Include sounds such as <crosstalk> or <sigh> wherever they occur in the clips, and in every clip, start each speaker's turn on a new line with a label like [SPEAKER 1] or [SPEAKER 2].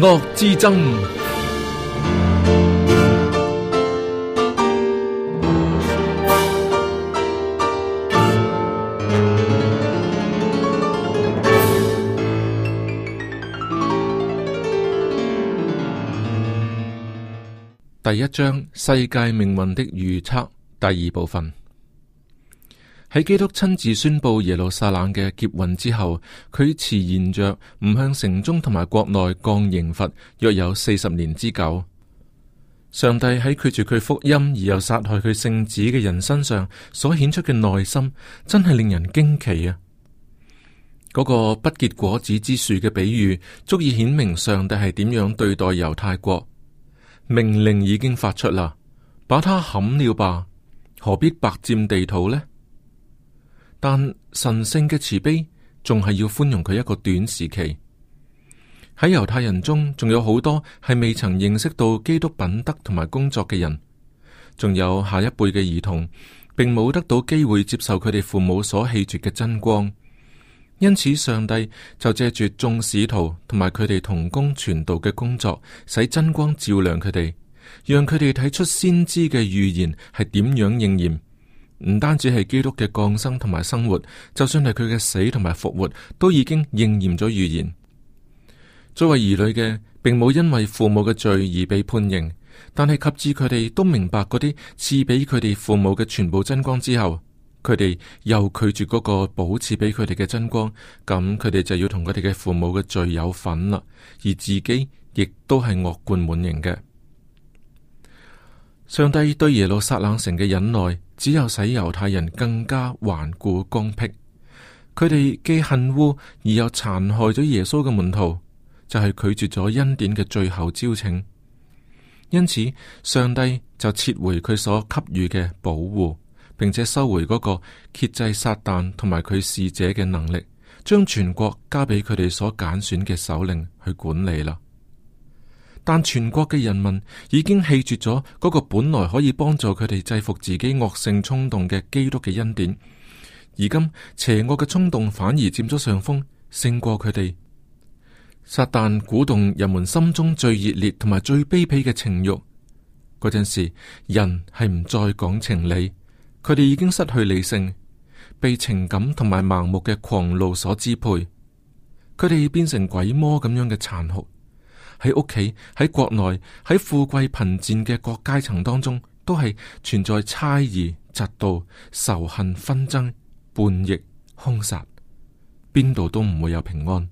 [SPEAKER 1] 惡之爭。第一章：世界命運的預測。第二部分。喺基督親自宣布耶路撒冷嘅劫運之後，佢遲延着唔向城中同埋國內降刑罰，約有四十年之久。上帝喺拒絕佢福音而又殺害佢聖子嘅人身上所顯出嘅耐心，真係令人驚奇啊！嗰個不結果子之樹嘅比喻，足以顯明上帝係點樣對待猶太國。命令已經發出啦，把它砍了吧，何必白占地土呢？但神聖嘅慈悲仲係要寬容佢一個短時期。喺猶太人中，仲有好多係未曾認識到基督品德同埋工作嘅人，仲有下一輩嘅兒童，並冇得到機會接受佢哋父母所棄絕嘅真光。因此，上帝就借着眾使徒同埋佢哋同工傳道嘅工作，使真光照亮佢哋，讓佢哋睇出先知嘅預言係點樣應驗。唔單止係基督嘅降生同埋生活，就算係佢嘅死同埋復活，都已經應驗咗預言。作為兒女嘅，並冇因為父母嘅罪而被判刑，但係及至佢哋都明白嗰啲賜俾佢哋父母嘅全部真光之後，佢哋又拒絕嗰個保持俾佢哋嘅真光，咁佢哋就要同佢哋嘅父母嘅罪有份啦，而自己亦都係惡貫滿盈嘅。上帝對耶路撒冷城嘅忍耐，只有使猶太人更加頑固剛愎。佢哋既恨惡，而又殘害咗耶穌嘅門徒，就係、是、拒絕咗恩典嘅最後招請。因此，上帝就撤回佢所給予嘅保護，並且收回嗰個揭制撒旦同埋佢使者嘅能力，將全國交俾佢哋所揀選嘅首領去管理啦。但全國嘅人民已經棄絕咗嗰個本來可以幫助佢哋制服自己惡性衝動嘅基督嘅恩典，而今，邪惡嘅衝動反而佔咗上風，勝過佢哋。撒旦鼓動人們心中最熱烈同埋最卑鄙嘅情欲，嗰陣時，人係唔再講情理，佢哋已經失去理性，被情感同埋盲目嘅狂怒所支配，佢哋變成鬼魔咁樣嘅殘酷。喺屋企、喺國內、喺富貴貧賤嘅各階層當中，都係存在猜疑、嫉妒、仇恨、紛爭、叛逆、兇殺，邊度都唔會有平安。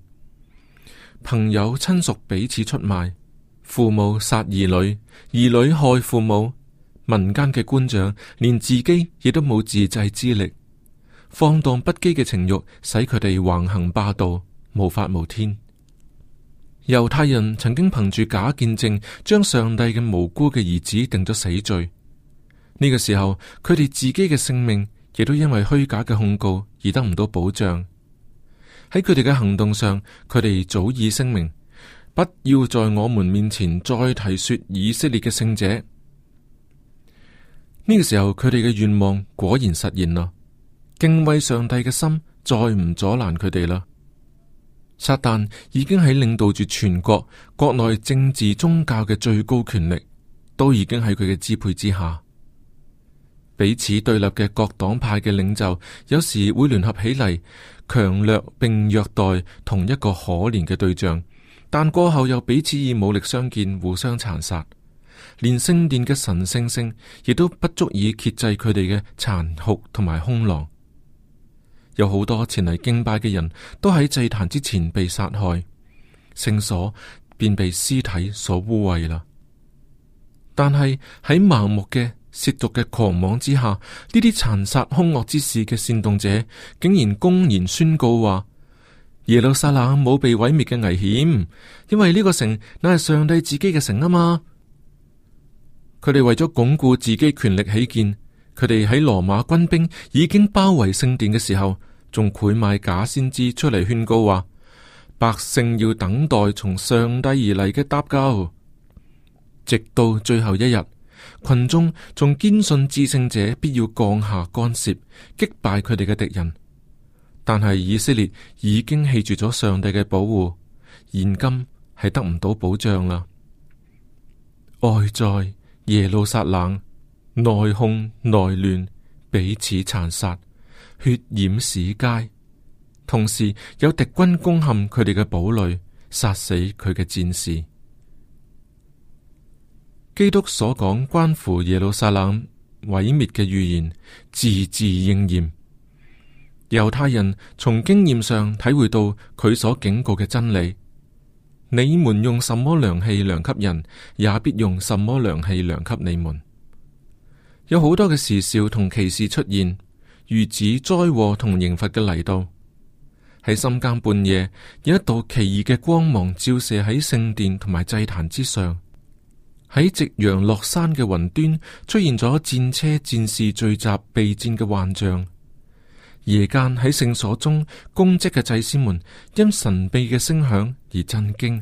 [SPEAKER 1] 朋友親屬彼此出賣，父母殺兒女，兒女害父母，民間嘅官長連自己亦都冇自制之力，放蕩不羈嘅情慾使佢哋橫行霸道，無法無天。猶太人曾經憑住假見證，將上帝嘅無辜嘅兒子定咗死罪。呢、這個時候，佢哋自己嘅性命亦都因為虛假嘅控告而得唔到保障。喺佢哋嘅行動上，佢哋早已聲明，不要在我們面前再提說以色列嘅聖者。呢、這個時候，佢哋嘅願望果然實現啦，敬畏上帝嘅心再唔阻攔佢哋啦。撒旦已經喺領導住全國國內政治宗教嘅最高權力，都已經喺佢嘅支配之下。彼此對立嘅各黨派嘅領袖，有時會聯合起嚟，強掠並虐待同一個可憐嘅對象，但過後又彼此以武力相見，互相殘殺，連聖殿嘅神聖性亦都不足以遏制佢哋嘅殘酷同埋凶狼。有好多前嚟敬拜嘅人都喺祭壇之前被殺害，聖所便被屍體所污穢啦。但係喺盲目嘅褻瀆嘅狂妄之下，呢啲殘殺凶惡之事嘅煽動者竟然公然宣告話：耶路撒冷冇被毀滅嘅危險，因為呢個城乃係上帝自己嘅城啊嘛。佢哋為咗鞏固自己權力起見，佢哋喺羅馬軍兵已經包圍聖殿嘅時候。仲賄買假先知出嚟勸告話，百姓要等待從上帝而嚟嘅搭救，直到最後一日，群眾仲堅信戰勝者必要降下干涉，擊敗佢哋嘅敵人。但係以色列已經棄住咗上帝嘅保護，現今係得唔到保障啦。外在耶路撒冷內訌內亂彼此殘殺。血染市街，同時有敵軍攻陷佢哋嘅堡壘，殺死佢嘅戰士。基督所講關乎耶路撒冷毀滅嘅預言，字字應驗。猶太人從經驗上體會到佢所警告嘅真理。你們用什麼量器量給人，也必用什麼量器量給你們。有好多嘅時兆同奇事出現。如此災禍同刑罰嘅嚟到，喺深更半夜，有一道奇異嘅光芒照射喺聖殿同埋祭壇之上。喺夕陽落山嘅雲端，出現咗戰車、戰士聚集備戰嘅幻象。夜間喺聖所中供職嘅祭司們因神秘嘅聲響而震驚，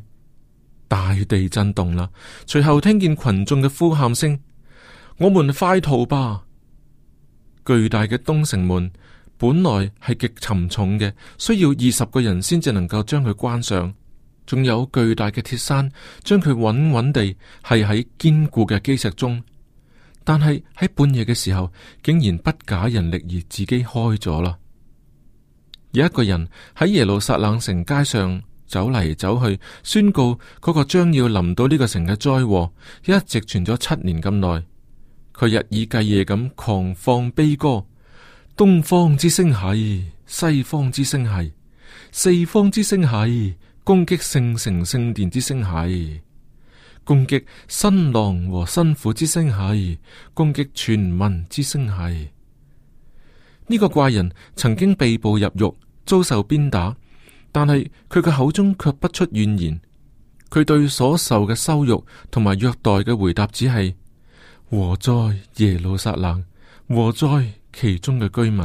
[SPEAKER 1] 大地震動啦。隨後聽見群眾嘅呼喊聲：「我們快逃吧！巨大嘅東城門本來係極沉重嘅，需要二十個人先至能夠將佢關上。仲有巨大嘅鐵山將佢穩穩地繫喺堅固嘅基石中。但係喺半夜嘅時候，竟然不假人力而自己開咗啦。有一個人喺耶路撒冷城街上走嚟走去，宣告嗰個將要臨到呢個城嘅災禍，一直存咗七年咁耐。佢日以繼夜咁狂放悲歌，東方之聲係，西方之聲系，四方之聲係，攻擊聖城聖殿之聲係，攻擊新郎和新婦之聲係，攻擊全民之聲係。呢、這個怪人曾經被捕入獄，遭受鞭打，但係佢嘅口中卻不出怨言。佢對所受嘅羞辱同埋虐待嘅回答只係。禍哉耶路撒冷，禍哉其中嘅居民。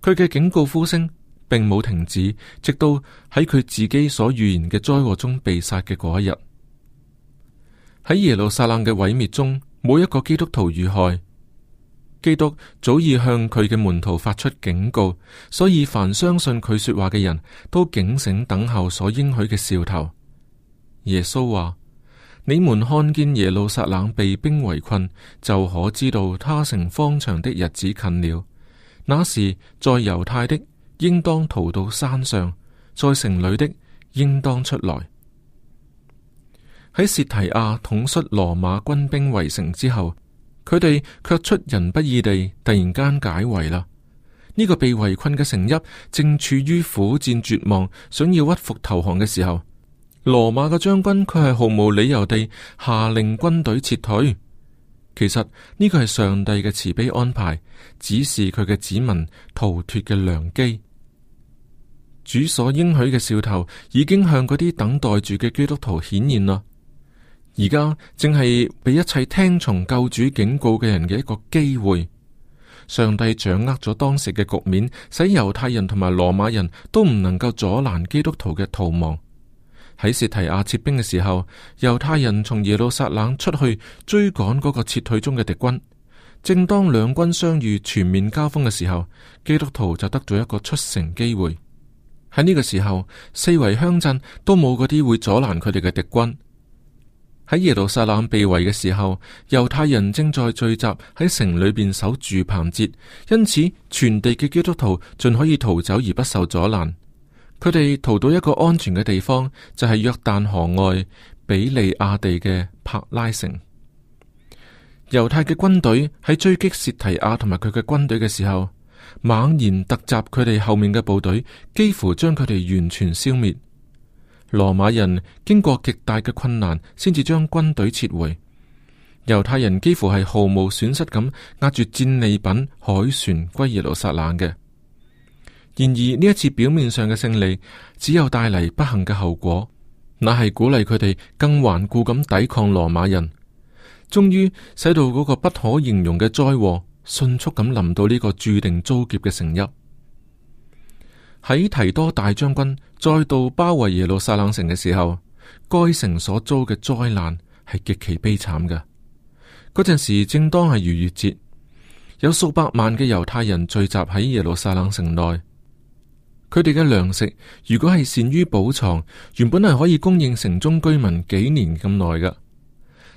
[SPEAKER 1] 佢嘅警告呼聲並冇停止，直到喺佢自己所預言嘅災禍中被殺嘅嗰一日。喺耶路撒冷嘅毀滅中，冇一個基督徒遇害。基督早已向佢嘅門徒發出警告，所以凡相信佢說話嘅人都警醒等候所應許嘅兆頭。耶穌話。你們看見耶路撒冷被兵圍困，就可知道他成荒場的日子近了。那時，在猶太的應當逃到山上，在城裏的應當出來。喺薛提亞統率羅馬軍兵圍城之後，佢哋卻出人不意地突然間解圍啦。呢個被圍困嘅成邑正處於苦戰絕望，想要屈服投降嘅時候。羅馬嘅將軍佢係毫無理由地下令軍隊撤退，其實呢個係上帝嘅慈悲安排，指示佢嘅子民逃脫嘅良機。主所應許嘅兆頭已經向嗰啲等待住嘅基督徒顯現啦。而家正係俾一切聽從救主警告嘅人嘅一個機會。上帝掌握咗當時嘅局面，使猶太人同埋羅馬人都唔能夠阻攔基督徒嘅逃亡。喺士提亞撤兵嘅時候，猶太人從耶路撒冷出去追趕嗰個撤退中嘅敵軍。正當兩軍相遇，全面交鋒嘅時候，基督徒就得咗一個出城機會。喺呢個時候，四圍鄉鎮都冇嗰啲會阻攔佢哋嘅敵軍。喺耶路撒冷被圍嘅時候，猶太人正在聚集喺城裏邊守住棚節，因此全地嘅基督徒盡可以逃走而不受阻攔。佢哋逃到一個安全嘅地方，就係約旦河外比利亞地嘅柏拉城。猶太嘅軍隊喺追擊薛提亞同埋佢嘅軍隊嘅時候，猛然突襲佢哋後面嘅部隊，幾乎將佢哋完全消滅。羅馬人經過極大嘅困難，先至將軍隊撤回。猶太人幾乎係毫無損失咁，押住戰利品凱旋歸耶路撒冷嘅。然而呢一次表面上嘅勝利，只有帶嚟不幸嘅後果，乃係鼓勵佢哋更頑固咁抵抗羅馬人，終於使到嗰個不可形容嘅災禍迅速咁臨到呢個注定遭劫嘅城邑。喺提多大將軍再度包圍耶路撒冷城嘅時候，該城所遭嘅災難係極其悲慘嘅。嗰陣時正當係逾越節，有數百萬嘅猶太人聚集喺耶路撒冷城內。佢哋嘅糧食如果係善於儲藏，原本係可以供應城中居民幾年咁耐嘅。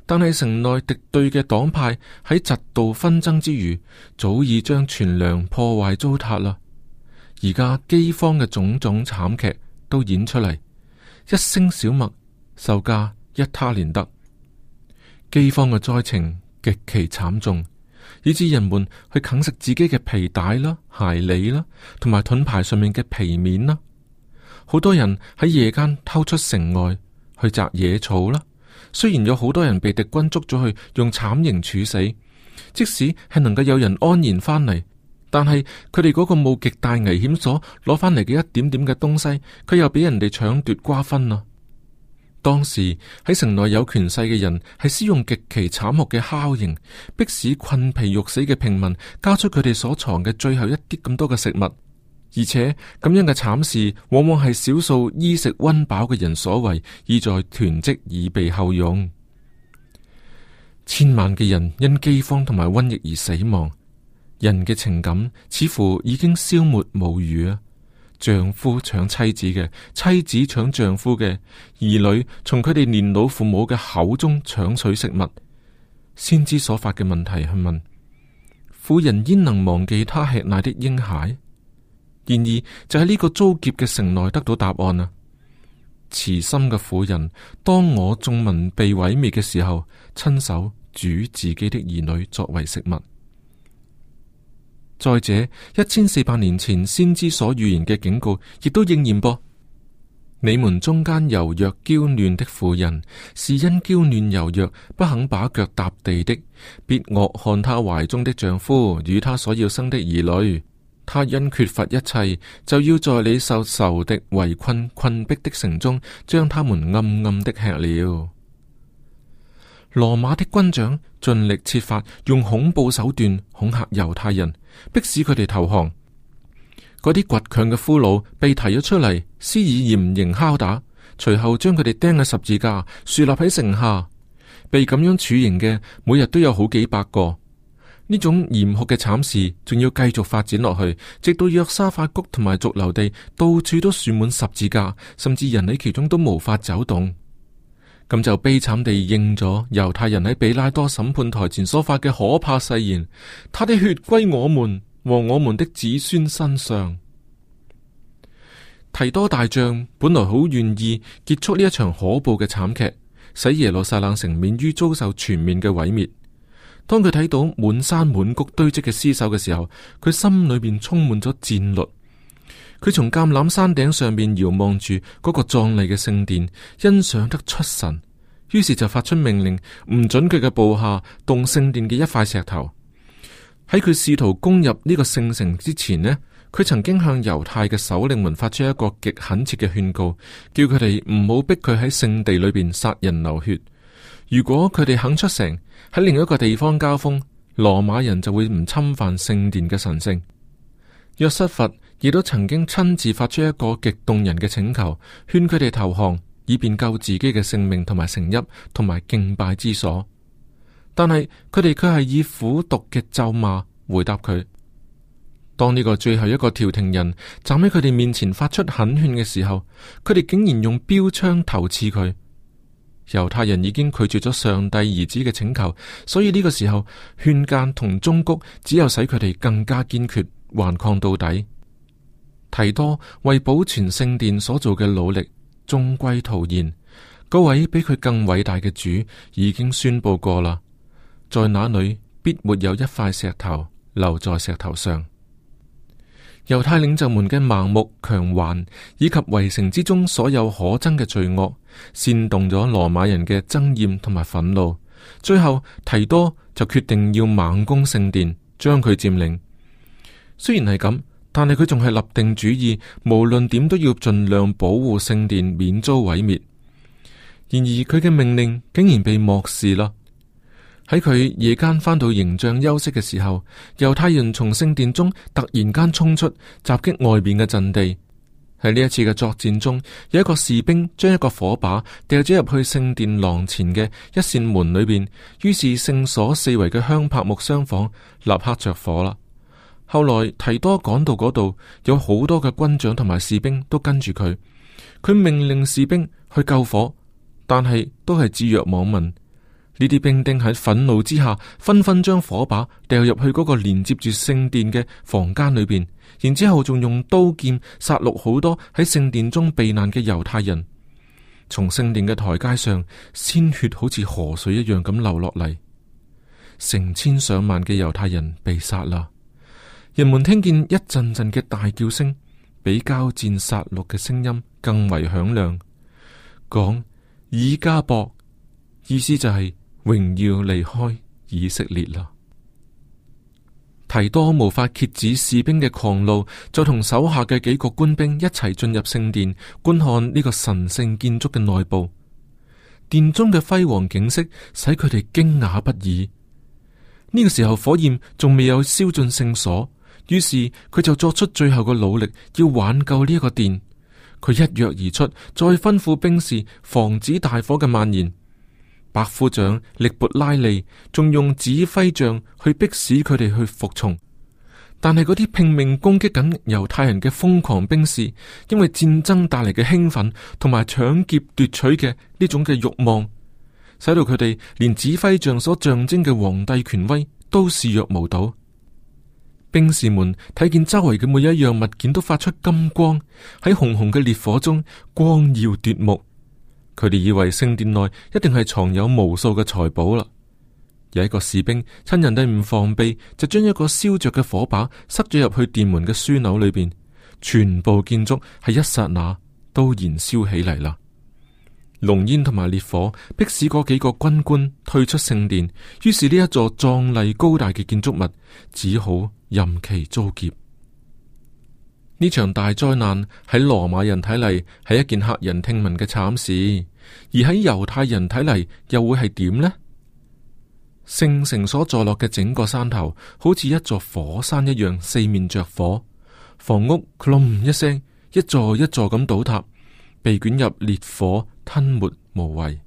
[SPEAKER 1] 但係城內敵對嘅黨派喺極度紛爭之餘，早已將存糧破壞糟蹋啦。而家飢荒嘅種種慘劇都演出嚟，一升小麥售價一他連得。飢荒嘅災情極其慘重。以至人們去啃食自己嘅皮帶啦、鞋履啦，同埋盾牌上面嘅皮面啦。好多人喺夜間偷出城外去摘野草啦。雖然有好多人被敵軍捉咗去，用慘刑處死，即使係能夠有人安然翻嚟，但係佢哋嗰個冒極大危險所攞翻嚟嘅一點點嘅東西，佢又俾人哋搶奪瓜分啦。當時喺城內有權勢嘅人，係使用極其慘酷嘅拷刑，迫使困疲欲死嘅平民交出佢哋所藏嘅最後一啲咁多嘅食物。而且咁樣嘅慘事，往往係少數衣食温飽嘅人所為，意在囤積以備後用。千萬嘅人因饑荒同埋瘟疫而死亡，人嘅情感似乎已經消滅無餘啊！丈夫搶妻子嘅，妻子搶丈夫嘅，兒女從佢哋年老父母嘅口中搶取食物，先知所發嘅問題係問，婦人焉能忘記他吃奶的嬰孩？然而就喺呢個遭劫嘅城內得到答案啦。慈心嘅婦人，當我眾民被毀滅嘅時候，親手煮自己的兒女作為食物。再者，一千四百年前先知所預言嘅警告，亦都應驗噃。 <noise> 你們中間柔弱嬌嫩的婦人，是因嬌嫩柔弱，不肯把腳踏地的，必惡看她懷中的丈夫與她所要生的兒女。她因缺乏一切，就要在你受仇敵圍困困逼的城中，將他們暗暗的吃了。羅馬的軍長盡力設法，用恐怖手段恐嚇猶太人，迫使佢哋投降。嗰啲倔強嘅俘虜被提咗出嚟，施以嚴刑敲打，隨後將佢哋釘喺十字架，豎立喺城下。被咁樣處刑嘅，每日都有好幾百個。呢種嚴酷嘅慘事，仲要繼續發展落去，直到約沙法谷同埋逐流地到處都豎滿十字架，甚至人喺其中都無法走動。咁就悲慘地應咗猶太人喺比拉多審判台前所發嘅可怕誓言，他的血歸我們和我們的子孫身上。提多大將本來好願意結束呢一場可怖嘅慘劇，使耶路撒冷城免於遭受全面嘅毀滅。當佢睇到滿山滿谷堆積嘅屍首嘅時候，佢心裏面充滿咗戰慄。佢從橄欖山頂上面遙望住嗰個壯麗嘅聖殿，欣賞得出神，於是就發出命令，唔准佢嘅部下動聖殿嘅一塊石頭。喺佢試圖攻入呢個聖城之前呢，佢曾經向猶太嘅首領們發出一個極懇切嘅勸告，叫佢哋唔好逼佢喺聖地裏邊殺人流血。如果佢哋肯出城喺另一個地方交鋒，羅馬人就會唔侵犯聖殿嘅神聖。若失佛。亦都曾經親自發出一個極動人嘅請求，勸佢哋投降，以便救自己嘅性命，同埋城邑同埋敬拜之所。但係佢哋卻係以苦毒嘅咒罵回答佢。當呢個最後一個調停人站喺佢哋面前發出懇勸嘅時候，佢哋竟然用標槍投刺佢。猶太人已經拒絕咗上帝兒子嘅請求，所以呢個時候勸諫同忠告只有使佢哋更加堅決，頑抗到底。提多為保存聖殿所做嘅努力終歸徒然，嗰位比佢更偉大嘅主已經宣布過啦，在那裡必沒有一塊石頭留在石頭上。猶太領袖們嘅盲目強橫以及圍城之中所有可憎嘅罪惡，煽動咗羅馬人嘅憎厭同埋憤怒，最後提多就決定要猛攻聖殿，將佢佔領。雖然係咁。但係佢仲係立定主意，無論點都要盡量保護聖殿免遭毀滅。然而佢嘅命令竟然被漠視啦！喺佢夜間返到營帳休息嘅時候，猶太人從聖殿中突然間衝出，襲擊外邊嘅陣地。喺呢一次嘅作戰中，有一個士兵將一個火把掉咗入去聖殿廊前嘅一扇門裏邊，於是聖所四圍嘅香柏木廂房立刻着火啦。後來提多趕到嗰度，有好多嘅軍長同埋士兵都跟住佢。佢命令士兵去救火，但係都係置若罔聞。呢啲兵丁喺憤怒之下，紛紛將火把掉入去嗰個連接住聖殿嘅房間裏邊，然之後仲用刀劍殺戮好多喺聖殿中避難嘅猶太人。從聖殿嘅台階上，鮮血好似河水一樣咁流落嚟，成千上萬嘅猶太人被殺啦。人們聽見一陣陣嘅大叫聲，比交戰殺戮嘅聲音更為響亮。講以加博，意思就係、是、榮耀離開以色列啦。提多無法遏止士兵嘅狂怒，就同手下嘅幾個官兵一齊進入聖殿，觀看呢個神聖建築嘅內部。殿中嘅輝煌景色使佢哋驚訝不已。呢、這個時候，火焰仲未有燒盡聖所。於是佢就作出最後嘅努力，要挽救呢一個殿。佢一躍而出，再吩咐兵士防止大火嘅蔓延。百夫長力勃拉利仲用指揮杖去迫使佢哋去服從。但係嗰啲拼命攻擊緊猶太人嘅瘋狂兵士，因為戰爭帶嚟嘅興奮同埋搶劫奪取嘅呢種嘅慾望，使到佢哋連指揮杖所象徵嘅皇帝權威都視若無睹。兵士們睇見周圍嘅每一樣物件都發出金光，喺紅紅嘅烈火中光耀奪目。佢哋以為聖殿內一定係藏有無數嘅財寶啦。有一個士兵趁人哋唔防備，就將一個燒着嘅火把塞咗入去殿門嘅樞紐裏邊，全部建築喺一剎那都燃燒起嚟啦。濃煙同埋烈火迫使嗰幾個軍官退出聖殿，於是呢一座壯麗高大嘅建築物只好任其遭劫。呢場大災難喺羅馬人睇嚟，係一件駭人聽聞嘅慘事，而喺猶太人睇嚟又會係點呢？聖城所坐落嘅整個山頭好似一座火山一樣四面着火房屋轟隆一聲，一座一座咁倒塌。被捲入烈火吞沒無遺，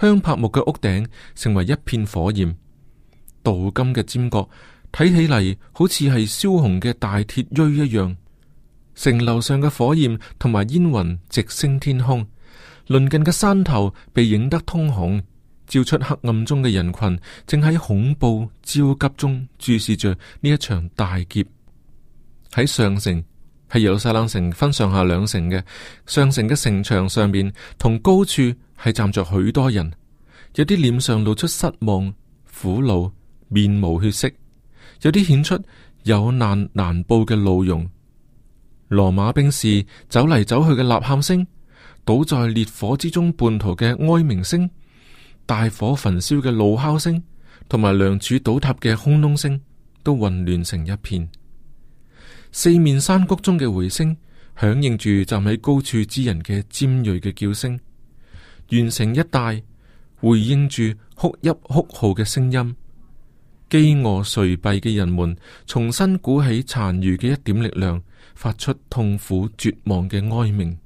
[SPEAKER 1] 香柏木嘅屋頂成為一片火焰。鍍金嘅尖角睇起嚟好似係燒紅嘅大鐵錐一樣。城樓上嘅火焰同埋煙雲直升天空，鄰近嘅山頭被影得通紅，照出黑暗中嘅人群正喺恐怖焦急中注視着呢一場大劫喺上城。係耶路撒冷城分上下兩城嘅，上城嘅城牆上面同高處係站着許多人，有啲臉上露出失望、苦惱、面無血色，有啲顯出有難難報嘅怒容。羅馬兵士走嚟走去嘅吶喊聲，倒在烈火之中叛徒嘅哀鳴聲，大火焚燒嘅怒哮聲，同埋梁柱倒塌嘅轟隆聲，都混亂成一片。四面山谷中嘅回聲響應住站喺高處之人嘅尖銳嘅叫聲，完成一帶回應住哭泣哭號嘅聲音。飢餓垂斃嘅人們重新鼓起殘餘嘅一點力量，發出痛苦絕望嘅哀鳴。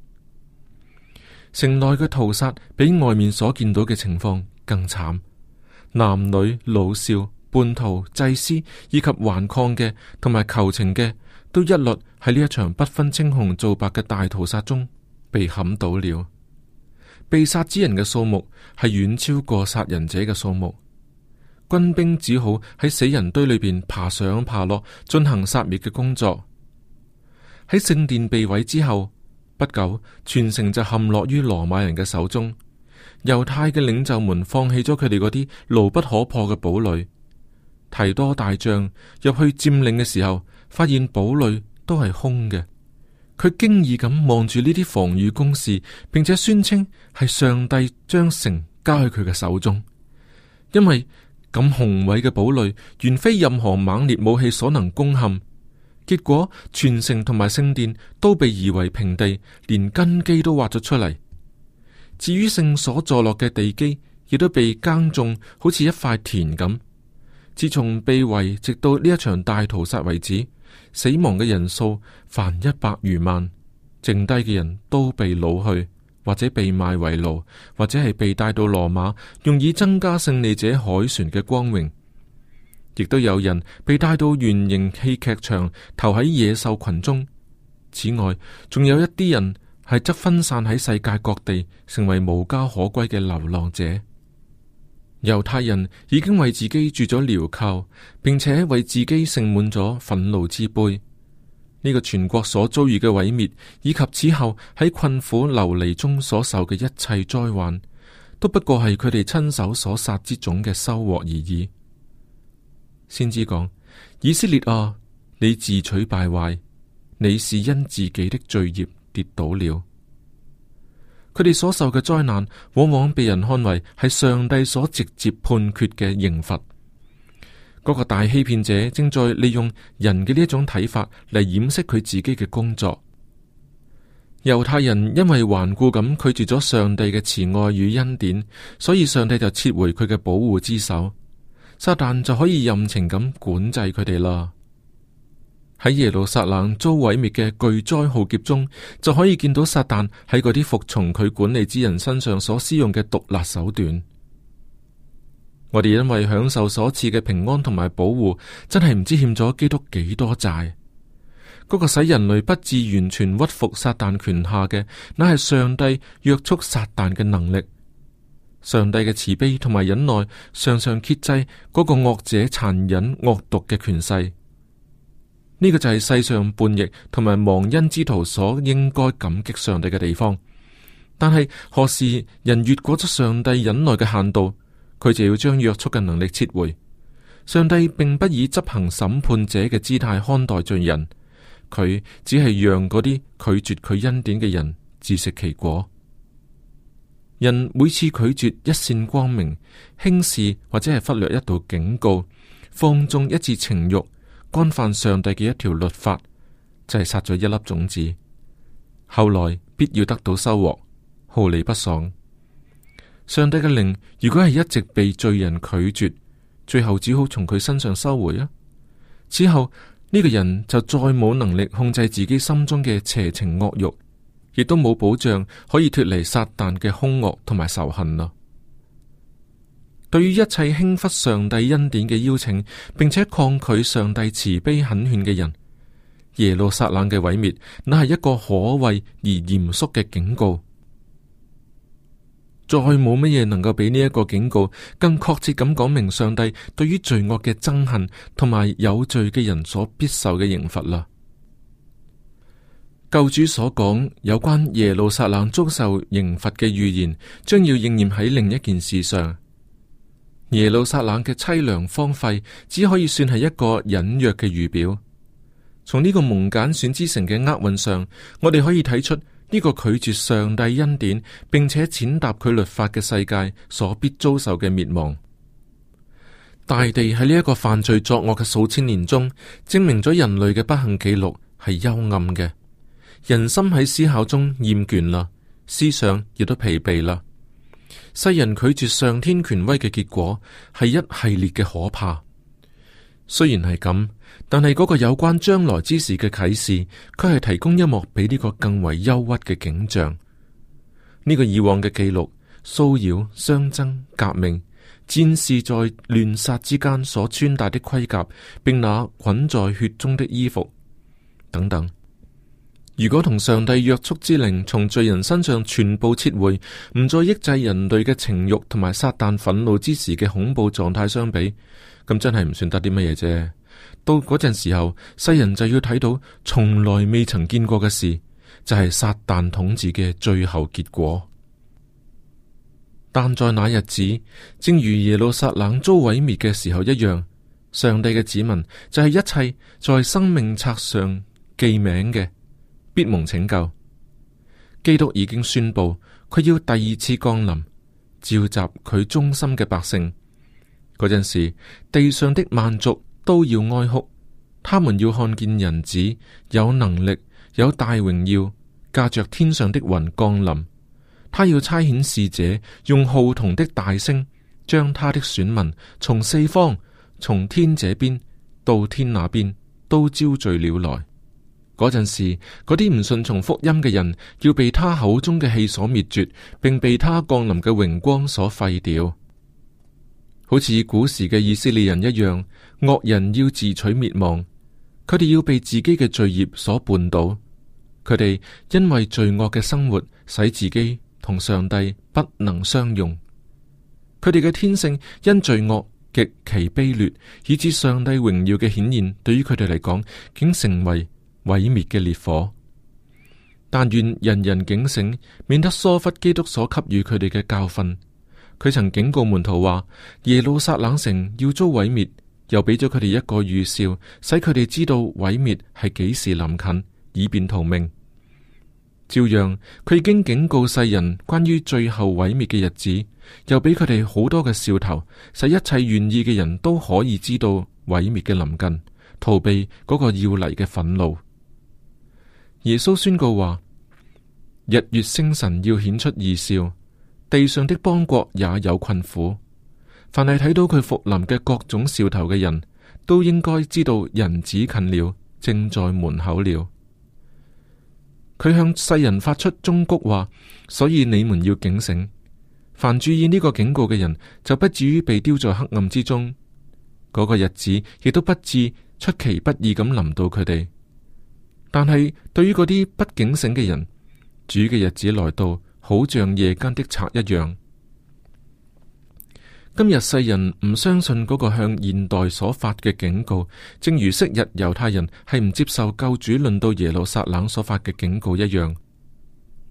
[SPEAKER 1] 城內嘅屠殺比外面所見到嘅情況更慘，男女老少、叛徒、祭司以及頑抗嘅同埋求情嘅，都一律喺呢一場不分青紅皂白嘅大屠殺中被砍倒了。被殺之人嘅數目係遠超過殺人者嘅數目，軍兵只好喺死人堆裏邊爬上爬落，進行殺滅嘅工作。喺聖殿被毀之後不久，全城就陷落於羅馬人嘅手中。猶太嘅領袖們放棄咗佢哋嗰啲牢不可破嘅堡壘。提多大將入去佔領嘅時候，發現堡壘都係空嘅，佢驚異咁望住呢啲防禦工事，並且宣稱係上帝將城交喺佢嘅手中，因為咁宏偉嘅堡壘原非任何猛烈武器所能攻陷。結果全城同埋聖殿都被夷為平地，連根基都挖咗出嚟。至於聖所坐落嘅地基，亦都被耕種，好似一塊田咁。自從被圍直到呢一場大屠殺為止。死亡嘅人數凡一百餘萬，剩低嘅人都被老去，或者被賣為奴，或者係被帶到羅馬，用以增加勝利者凱旋嘅光榮。亦都有人被帶到圓形戲劇場，投喺野獸群中。此外，仲有一啲人係則分散喺世界各地，成為無家可歸嘅流浪者。猶太人已經為自己鑄咗鐐銬，並且為自己盛滿咗憤怒之杯。呢、這個全國所遭遇嘅毀滅，以及此後喺困苦流離中所受嘅一切災患，都不過係佢哋親手所殺之種嘅收穫而已。先知講：以色列啊，你自取敗壞，你是因自己的罪孽跌倒了。佢哋所受嘅災難，往往被人看為係上帝所直接判決嘅刑罰。嗰個大欺騙者正在利用人嘅呢一種睇法嚟掩飾佢自己嘅工作。猶太人因為頑固咁拒絕咗上帝嘅慈愛與恩典，所以上帝就撤回佢嘅保護之手，撒旦就可以任情咁管制佢哋啦。喺耶路撒冷遭毀滅嘅巨災浩劫中，就可以見到撒旦喺嗰啲服從佢管理之人身上所施用嘅毒辣手段。我哋因為享受所賜嘅平安同埋保護，真係唔知欠咗基督幾多債。嗰、那個使人類不至完全屈服撒旦權下嘅，乃係上帝約束撒旦嘅能力。上帝嘅慈悲同埋忍耐，常常揭制嗰、那個惡者殘忍惡毒嘅權勢。呢個就係世上叛逆同埋忘恩之徒所應該感激上帝嘅地方，但係何時人越過咗上帝忍耐嘅限度，佢就要將約束嘅能力撤回。上帝並不以執行審判者嘅姿態看待罪人，佢只係讓嗰啲拒絕佢恩典嘅人自食其果。人每次拒絕一線光明、輕視或者係忽略一道警告、放縱一次情慾。干犯上帝嘅一條律法，就係撒咗一粒種子，後來必要得到收穫，毫釐不爽。上帝嘅靈如果係一直被罪人拒絕，最後只好從佢身上收回啊。之後呢個人就再冇能力控制自己心中嘅邪情惡慾，亦都冇保障可以脫離撒旦嘅兇惡同埋仇恨啦。對於一切輕忽上帝恩典嘅邀請，並且抗拒上帝慈悲懇勸嘅人,耶路撒冷嘅毀滅，那係一個可畏而嚴肅嘅警告。再冇乜嘢能夠比呢一個警告更確切咁講明上帝對於罪惡嘅憎恨，同埋有罪嘅人所必受嘅刑罰啦。救主所講有關耶路撒冷遭受刑罰嘅預言，將要應驗喺另一件事上。耶路撒冷嘅淒涼荒廢，只可以算係一個隱約嘅預表。從呢個蒙揀選之城嘅厄運上，我哋可以睇出呢個拒絕上帝恩典並且踐踏佢律法嘅世界所必遭受嘅滅亡。大地喺呢一個犯罪作惡嘅數千年中，證明咗人類嘅不幸記錄係幽暗嘅。人心喺思考中厭倦啦，思想亦都疲憊啦。世人拒絕上天權威嘅結果係一系列嘅可怕。雖然係咁，但係嗰個有關將來之事嘅啟示，佢係提供一幕比呢個更為憂鬱嘅景象。呢個以往嘅記錄，騷擾、相爭、革命、戰士在亂殺之間所穿戴的盔甲，並那滾在血中的衣服等等。如果同上帝約束之靈從罪人身上全部撤回，唔再抑制人類嘅情欲，同埋撒旦憤怒之時嘅恐怖狀態相比，咁真係唔算得啲乜嘢啫。到嗰陣時候，世人就要睇到從來未曾見過嘅事，就係撒旦統治嘅最後結果。但在那日子，正如耶路撒冷遭毀滅嘅時候一樣，上帝嘅子民就係一切在生命冊上記名嘅。必蒙拯救。基督已經宣布，佢要第二次降臨，召集佢忠心嘅百姓。嗰陣時，地上的萬族都要哀哭，他們要看見人子有能力、有大榮耀，駕着天上的雲降臨。他要差遣使者，用號筒的大聲，將他的選民從四方、從天這邊到天那邊都招聚了來。嗰陣時，嗰啲唔順從福音嘅人，要被他口中嘅氣所滅絕，並被他降臨嘅榮光所廢掉，好似古時嘅以色列人一樣。惡人要自取滅亡，佢哋要被自己嘅罪孽所絆倒。佢哋因為罪惡嘅生活，使自己同上帝不能相容。佢哋嘅天性因罪惡極其卑劣，以致上帝榮耀嘅顯現，對於佢哋嚟講，竟成為。毀滅嘅烈火，但願人人警醒，免得疏忽基督所給予佢哋嘅教訓。佢曾警告門徒話耶路撒冷城要遭毀滅，又俾咗佢哋一個預兆，使佢哋知道毀滅係幾時臨近，以便逃命。照樣，佢已經警告世人關於最後毀滅嘅日子，又俾佢哋好多嘅兆頭，使一切願意嘅人都可以知道毀滅嘅臨近，逃避嗰個要嚟嘅憤怒。耶穌宣告話：日月星辰要顯出異兆，地上的邦國也有困苦。凡係睇到佢復臨嘅各種兆頭嘅人，都應該知道人子近了，正在門口了。佢向世人發出忠告話：所以你們要警醒。凡注意呢個警告嘅人，就不至於被丟在黑暗之中。嗰、那個日子亦都不至出其不意咁臨到佢哋。但係，對於嗰啲不警醒嘅人，主嘅日子來到，好像夜間的賊一樣。今日世人唔相信嗰個向現代所發嘅警告，正如昔日猶太人係唔接受救主論到耶路撒冷所發嘅警告一樣。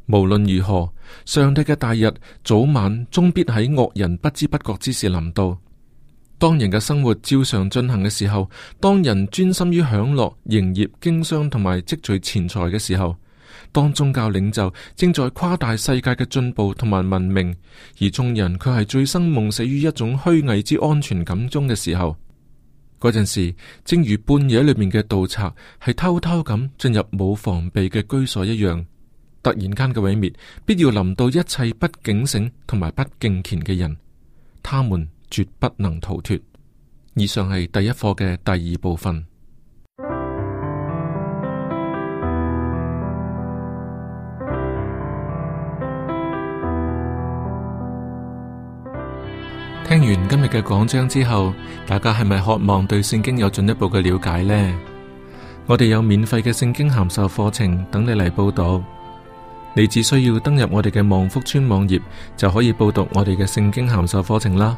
[SPEAKER 1] 無論如何，上帝嘅大日早晚終必喺惡人不知不覺之時臨到。當人嘅生活照常進行嘅時候，當人專心於享樂、營業、經商同埋積聚錢財嘅時候，當宗教領袖正在誇大世界嘅進步同埋文明，而眾人卻係醉生夢死於一種虛偽之安全感中嘅時候，嗰陣時正如半夜裏面嘅盜賊係偷偷咁進入冇防備嘅居所一樣，突然間嘅毀滅必要臨到一切不警醒同埋不敬虔嘅人，他們絕不能逃脫。以上係第一課嘅第二部分。聽完今日嘅講章之後，大家係咪渴望對聖經有進一步嘅了解呢？我哋有免費嘅聖經函授課程等你嚟報讀。你只需要登入我哋嘅望福村網頁，就可以報讀我哋嘅聖經函授課程啦。